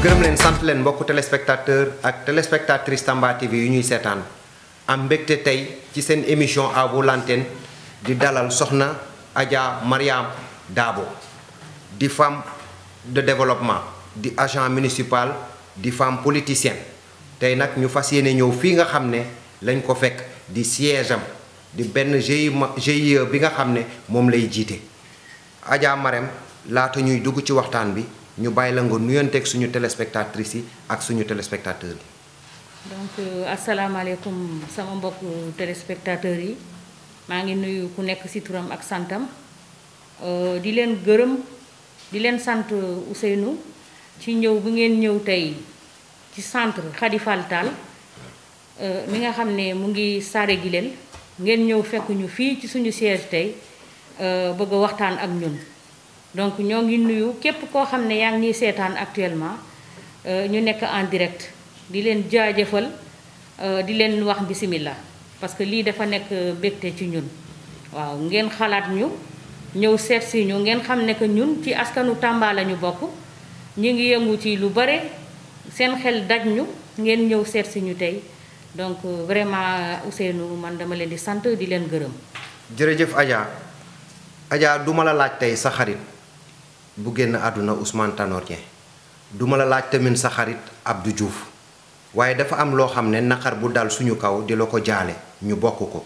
gërëm leen sant leen mbokku téléspectateur ak téléspectatrice Tamba TV yu ñuy seetaan am mbégte tey ci seen émission à vos antennes di dalal soxna Adja Mariam Dabo di femme de développement di agent municipal di femme politicienne tey nag ñu fas yéene ñëw fii nga xam ne lañ ko fekk di siège am di benn GIE bi nga xam ne moom lay jiite Adja Mariam laata ñuy dugg ci waxtaan bi ñu bay la nga ak suñu téléspectatrice ak suñu téléspectateur donc euh, assalamu alaykum sama mbokk téléspectateur yi ma ngi nuyu ku nekk ci turam ak santam euh, di len gëreum di len sante Ousseynou ci ñew bu ngeen ñew tay ci centre khadifal tal euh mi nga xamné mu ngi saré gi len ngeen ñew fekk ñu fi ci suñu siège euh bëgg waxtaan ak ñun donc ñoo ngi nuyu képp koo xam ne yaa ngi ñuy seetaan actuellement euh, ñu nekk en direct di leen jaajëfal euh, di leen wax bisimilla parce que lii dafa nekk euh, bégte ci ñun waaw ngeen xalaat ñu ñëw seet si ñu ngeen xam ne que ñun ci askanu Tamba la ñu bokk ñu ngi yëngu ci lu bare seen xel daj ñu ngeen ñëw seet si ñu tey donc vraiment Ousseynou man dama leen di sant di leen gërëm jërëjëf aja aja duma la laaj tey sa xarit bu génn àdduna Ousmane Tanor duma la laaj tamit sa xarit Abdou Diouf waaye dafa am loo xam ne naqar bu dal suñu kaw di la ko jaale ñu bokk ko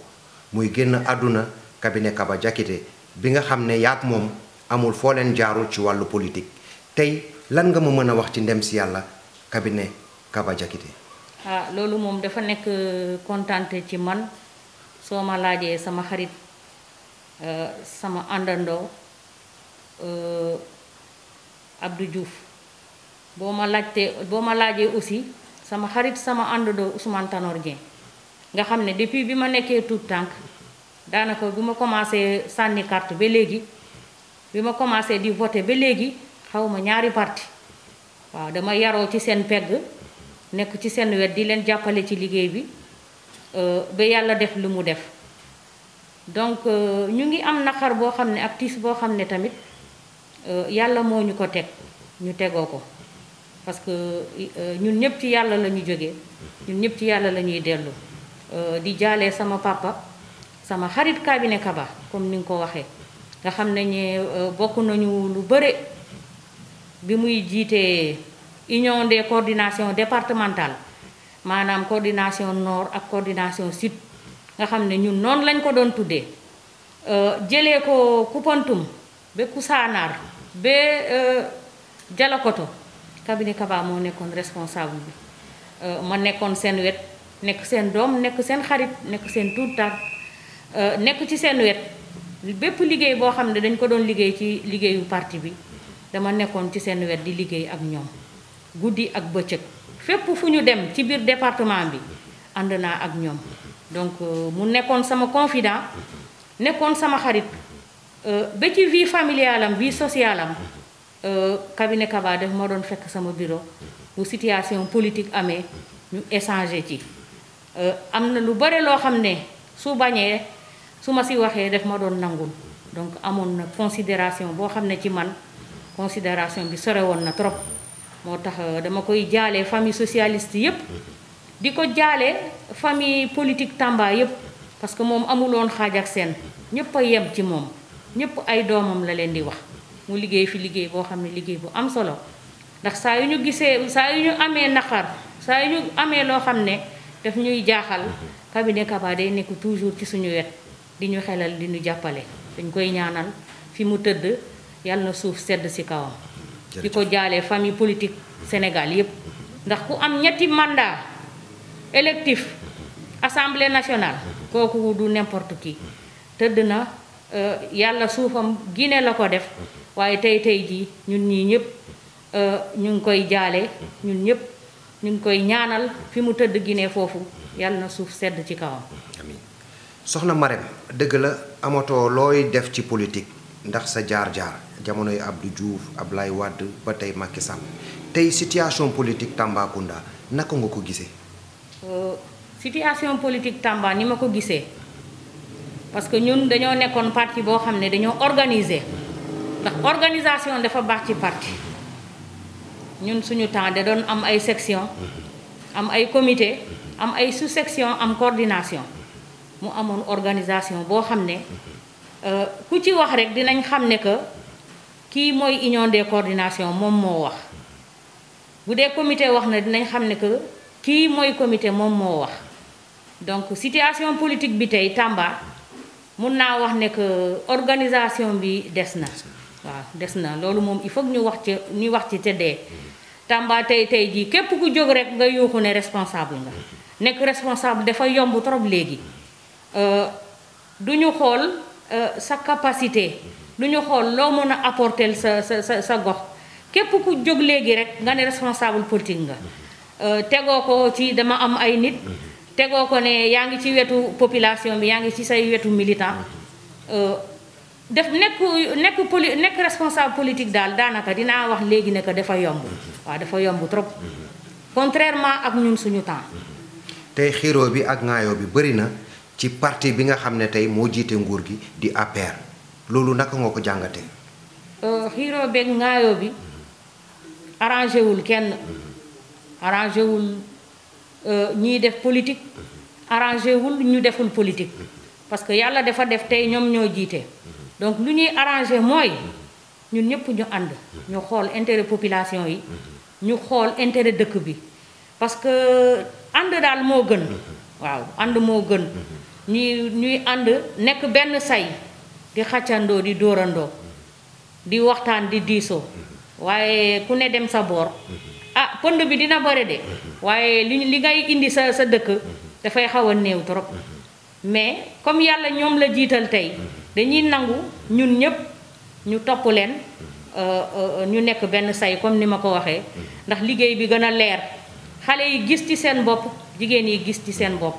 muy génn àdduna kabine Kaba Diakité bi nga xam ne yaag moom amul foo leen jaarul ci wàllu politique tey lan nga ma mën a wax ci ndem si yàlla kabine Kaba Diakité ah, loolu moom dafa nekk euh, kontante ci man soo ma laajee sama xarit euh, sama àndandoo Euh, Abdou juuf boo ma laajtee boo ma laajee aussi sama xarit sama àndandoo Ousmane Tanor nga xam ne depuis bi ma nekkee tuut tànk daanaka bi ma commencé sànni kart ba léegi bi ma commencé di voté ba léegi xaw ma ñaari parti waaw dama yaroo ci seen pegg nekk ci seen wet di leen jàppale ci liggéey bi euh, ba yàlla def lu mu def donc euh, ñu ngi am naqar boo xam ne ak tiis boo xam ne tamit Euh, yàlla moo ñu ko teg ñu tegoo ko parce que euh, ñun ñëpp ci yàlla la ñu ñun ñëpp ci yàlla la ñuy dellu euh, di jaalee sama papa sama xarit cabinet Kaba comme ni nga ko waxee nga xam ne ñu bokk nañu lu bëre bi muy jiitee union des coordination départementale maanaam coordination noor ak coordination sud nga xam ne ñun noonu lañ ko doon tuddee jëlee ko Koupantoum ba Koussanar ba euh, Jalakoto cabinet Kaba moo nekkoon responsable bi euh, ma nekkoon seen wet nekk seen doom nekk seen xarit nekk seen tuut tànk euh, nekk ci seen wet bépp liggéey boo xam ne dañ ko doon liggéey ci liggéeyu parti bi dama nekkoon ci seen wet di liggéey ak ñoom guddi ak bëccëg fépp fu ñu dem ci biir département bi ànd naa ak ñoom donc mu nekkoon sama confident nekkoon sama xarit Euh, ba ci vie familiale am vie sociale am euh, cabinet Kaba def ma doon fekk sama bureau bu situation politique amee ñu échanger ci euh, am na lu bare loo xam ne su bañee su ma si waxee def ma nangul donc amoon na considération boo xam ne ci man considération bi sore woon na trop moo tax dama koy jaalee famille socialiste yépp di ko jaale famille politique Tamba yépp parce que moom amuloon xaaj ak seen ñépp a yem ci moom ñëpp ay doomam la leen di wax mu liggéey fi liggéey boo xam ne liggéey bu am solo ndax saa yu ñu gisee saa yu ñu amee naqar saa yu ñu amee loo xam ne daf ñuy jaaxal mhm. cabinet day nekk toujours ci suñu wet di ñu xelal di ñu jàppale dañ koy ñaanal fi mu tëdd yàlla na suuf sedd ci kawam. di ko jaalee famille politique mhm. Sénégal yépp mhm. ndax ku am ñetti mandat électif assemblée nationale kooku du n'importe qui tëdd na. Euh, yàlla suufam Guinée la ko def waaye tey tey jii ñun ñii ñëpp euh, ñu ngi koy jaale ñun ñëpp ñu ngi koy ñaanal fi mu tëdd ginee foofu yàlla na suuf sedd ci kawam. soxna Marème dëgg la amatoo looy def ci politique ndax sa jaar-jaar jamono yu Abdou Diouf Ablaye Wade ba tey Macky Sall tey situation politique Tambacounda naka nga ko gisee. Euh, situation politique Tamba ni ma ko gisee. parce que ñun dañoo nekkoon parti boo xam ne dañoo organiser ndax organisation dafa baax ci parti ñun suñu temps da doon am ay section am ay comité am ay sous section am coordination mu amoon organisation boo xam ne euh, ku ci wax rek dinañ xam ne que kii mooy union des coordination moom moo wax bu dee comité wax na dinañ xam ne que kii mooy comité moom moo wax donc situation politique bi tey Tamba mun naa wax ne que organisation bi des na waaw des na loolu moom il faut ñu wax ci ñu wax ci tëddee Tamba tey tey jii képp ku jóg rek nga yuuxu ne responsable nga nekk responsable dafa yomb trop léegi euh, du ñu xool euh, sa capacité du ñu xool loo mën a apporter sa sa sa sa gox képp ku jóg léegi rek nga ne responsable politique nga euh, tegoo ko ci dama am ay nit tegoo ko ne yaa ngi ci wetu population bi yaa ngi ci say wetu militant def nekk nekk poli nekk responsable politique daal daanaka dinaa wax léegi ne defa dafa yomb waaw dafa yomb trop contrairement ak ñun suñu temps. tey xiroo bi ak ŋaayoo bi bëri na ci parti bi nga xam ne tey moo jiite nguur gi di APR loolu naka nga ko jàngatee. Euh, xiroo beeg ŋaayoo bi mm-hmm. arrangé wul kenn mm-hmm. arrangé Nous euh, def politique arrangé wul ñu deful politique parce que yalla dafa def tay ñom ñoo jité donc lu ñuy arrangé moy ñun ñëpp ñu and ñu xol intérêt population yi ñu xol intérêt dëkk bi parce que ànd dal mo gën waaw gens, mo gën ñi ñuy and nek ben say di xatiando di dorando di waxtaan di des ku ne dem sa ah bi dina waaye li li ngay indi sa sa dëkk mhm. dafay xaw a néew trop mhm. mais comme yàlla ñoom la jiital tey mhm. dañuy nangu ñun ñëpp ñu topp leen euh, euh, ñu nekk benn say comme ni ma ko waxee ndax liggéey bi gën a leer xale yi gis ci seen bopp jigéen yi gis ci seen bopp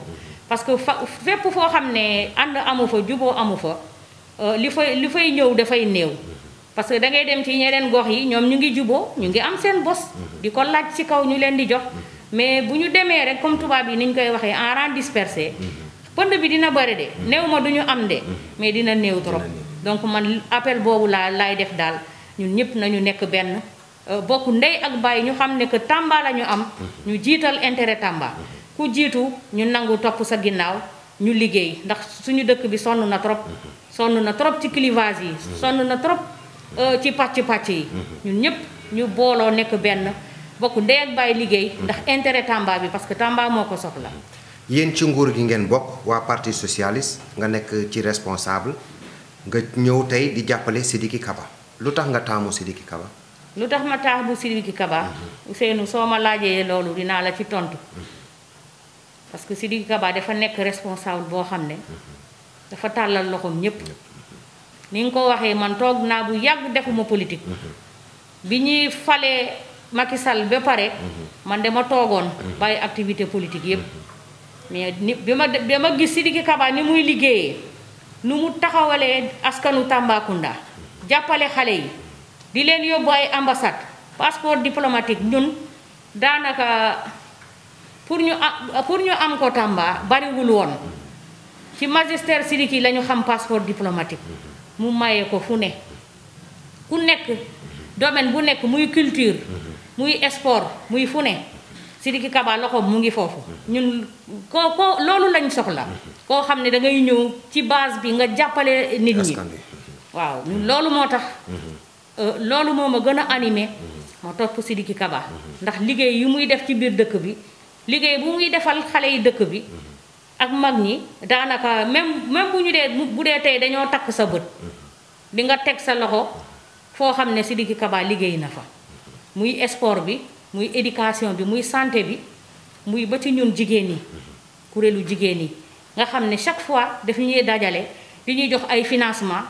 parce que fa fépp foo xam ne ànd amu fa juboo amu fa euh, li fa li fay ñëw dafay néew parce que da ngay dem ci ñeneen gox yi ñoom ñu ngi juboo ñu ngi am seen bos di ko laaj ci kaw ñu leen di jox mais bu ñu demee rek comme tubaab yi ni ñu koy waxee en rang dispersé pënd bi dina bëri de mm-hmm. néew ma du ñu am de mm-hmm. mais dina néew trop donc man appel boobu laa laay def daal ñun ñëpp nañu nekk benn euh, bokk ndey ak bàyyi ñu xam ne que Tamba la ñu am mm-hmm. ñu jiital intérêt Tamba ku jiitu ñu nangu topp sa ginnaaw ñu liggéey ndax suñu dëkk bi sonn na trop sonn na trop ci clivage yi sonn na trop euh, ci pàcc pàcc yi ñun ñëpp ñu booloo nekk benn bokk ndey ak bàyyi liggéey ndax intérêt Tamba bi parce que Tamba moo ko soxla. yéen ci nguur gi ngeen bokk waa parti socialiste nga nekk ci responsable nga ñëw tey di jàppale Sidiki Kaba lu tax nga taamu Sidiki Kaba. lu tax ma taamu Sidiki Kaba. Mhm. Ousseynou soo ma laajee loolu dinaa la ci tontu. Mhm. parce que di Kaba dafa nekk responsable boo xam ne. Mhm. dafa tàllal loxoom ñëpp. ni nga ko waxee man toog naa bu yàgg defuma politique. bi ñuy falee Macky Sall ba pare. Mhm. man de ma toogoon. Mhm. bàyyi activité politique yëpp. mais ni bi ma bi ma gis Sidiki Kaba ni muy liggéeyee nu mu taxawalee askanu Tambacounda jàppale xale yi di leen yóbbu ay ambassade passeport diplomatique ñun daanaka pour ñu am pour ñu am ko Tamba bariwul woon mhm. ci magistère Sidiki la ñu xam passeport diplomatique mu maye ko fu ne ku nekk domaine bu nekk muy culture. muy sport muy fu ne Sidiki Kaba loxo mu ngi foofu ñun koo koo loolu lañ soxla koo xam ne dangay ñëw ci base bi nga jàppale nit ñi waaw loolu moo tax mm-hmm. euh, loolu moo ma gën a animé ma mm-hmm. topp Sidiki Kaba mm-hmm. ndax liggéey yu muy def ci biir dëkk bi liggéey bu muy defal xale yi dëkk bi ak mag ñi daanaka même même bu ñu dee bu dee tey dañoo takk sa bët di nga teg sa loxo foo xam ne si Sidiki Kaba liggéey na fa muy sport bi muy éducation bi muy santé bi muy ba ci ñun jigéen ñi kuréelu jigéen ñi nga xam ne chaque fois daf ñuy dajale di ñuy jox ay financement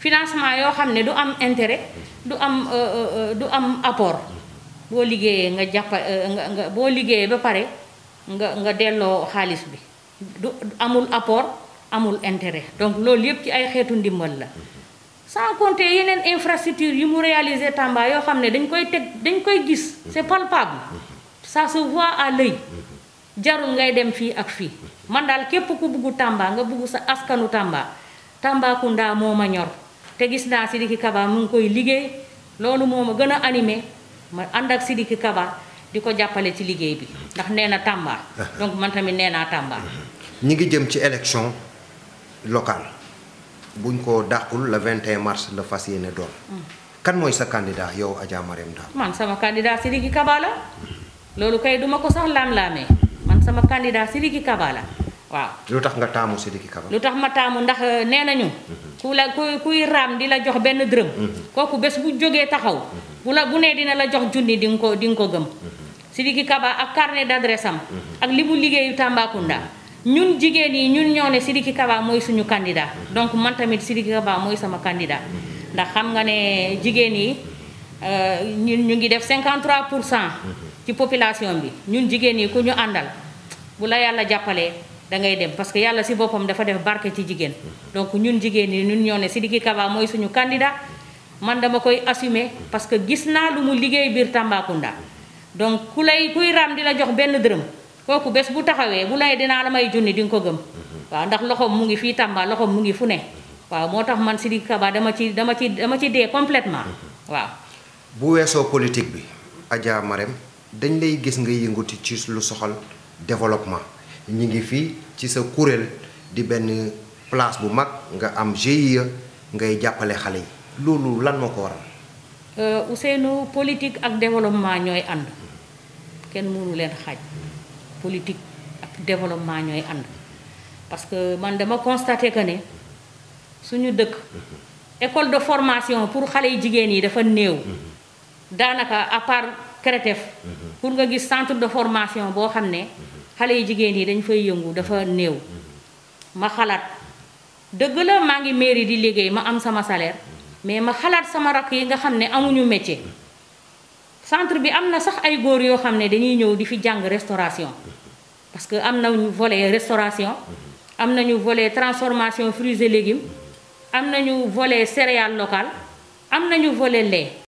financement yoo xam ne du am intérêt du am euh, euh, euh, du am apport boo liggéeyee nga jàppa nga boo liggéeyee ba pare nga nga delloo xaalis bi du amul apport amul intérêt donc loolu yëpp ci ay xeetu ndimbal la sans compter yeneen infrastructure yu mu réaliser Tamba yoo xam ne dañ koy teg dañ koy gis c'est mhm. palpable mhm. ça se voit à l'œil mhm. jarul ngay dem fii ak fii man daal képp ku bugg Tamba nga bugg sa askanu Tamba Tambacounda moo ma ñor te gis naa si Sidiki Kaba mu ngi koy liggéey loolu moo ma gën a anime ma ànd ak Sidiki Kaba di ko jàppale ci liggéey bi ndax nee na Tamba donc man tamit nee naa Tamba. ñi ngi jëm ci élection locale. buñ ko dàqul la 21 mars la fas yéene doon. kan mooy sa candidat yow Adja Mariam Dabo. man sama candidat Sidiki Kaba la loolu kay duma ko sax laam-laamee sama candidat Sidiki Kaba la waaw. lu tax nga taamu Sidiki Kaba. lu tax ma taamu ndax euh, nee nañu. Mhm. ku la ku kuy raam di la jox benn dërëm. Mhm. kooku bés bu jógee taxaw. Mhm. bu la bu nee dina la jox junni di nga ko di nga ko gëm. si Sidiki Kaba ak carnet d'adresse am. ak li mu liggéeyu Tambacounda. ñun jigéen yi ñun ñoo ne Sidiki Kaba mooy suñu candidat donc man tamit Sidiki Kaba mooy sama candidat ndax xam nga ne jigéen yi euh, ñun ñu ngi def cinquante 53 pour cent ci population bi ñun jigéen yi ku ñu àndal bu la yàlla jàppalee da ngay dem parce que yàlla si boppam dafa def barke ci jigéen donc ñun jigéen yi ñun ñoo ne Sidiki Kaba mooy suñu candidat man dama koy assumé parce que gis naa lu mu liggéey biir Tambacounda donc ku lay kuy raam di la jox benn dërëm. koku bes bu taxawé bu lay dina la may jooni ding ko gëm wa ndax loxom mu ngi fi Tamba loxom mu ngi fu ne wa motax man sidik Kaba dama ci dama ci dama ci dé complètement wa bu wesso politique bi Adja marem. dañ lay gis nga yënguti ci lu soxal développement ñi ngi fii ci sa courel di ben place bu mag nga am GIE ngay jappalé xalé lolu lan moko ko euh Ousseynou politique ak développement ñoy and kenn mënu len xaj politique ak développement ñooy ànd parce que man dama constaté que ne suñu dëkk école de formation pour xale yu jigéen yi dafa néew daanaka à part CRETEF pour nga gis centre de formation boo xam ne xale yu jigéen yi dañ fay yëngu dafa néew ma xalaat dëgg la maa ngi mairie di liggéey ma am sama salaire mais ma xalaat sama rakk yi nga xam ne amuñu métier centre bi amna sax ay góor yo xamné dañuy ñëw di fi jang restauration parce que amna ñu volet restauration amna ñu volet transformation fruits et légumes amna ñu volet céréales locales amna ñu volet lait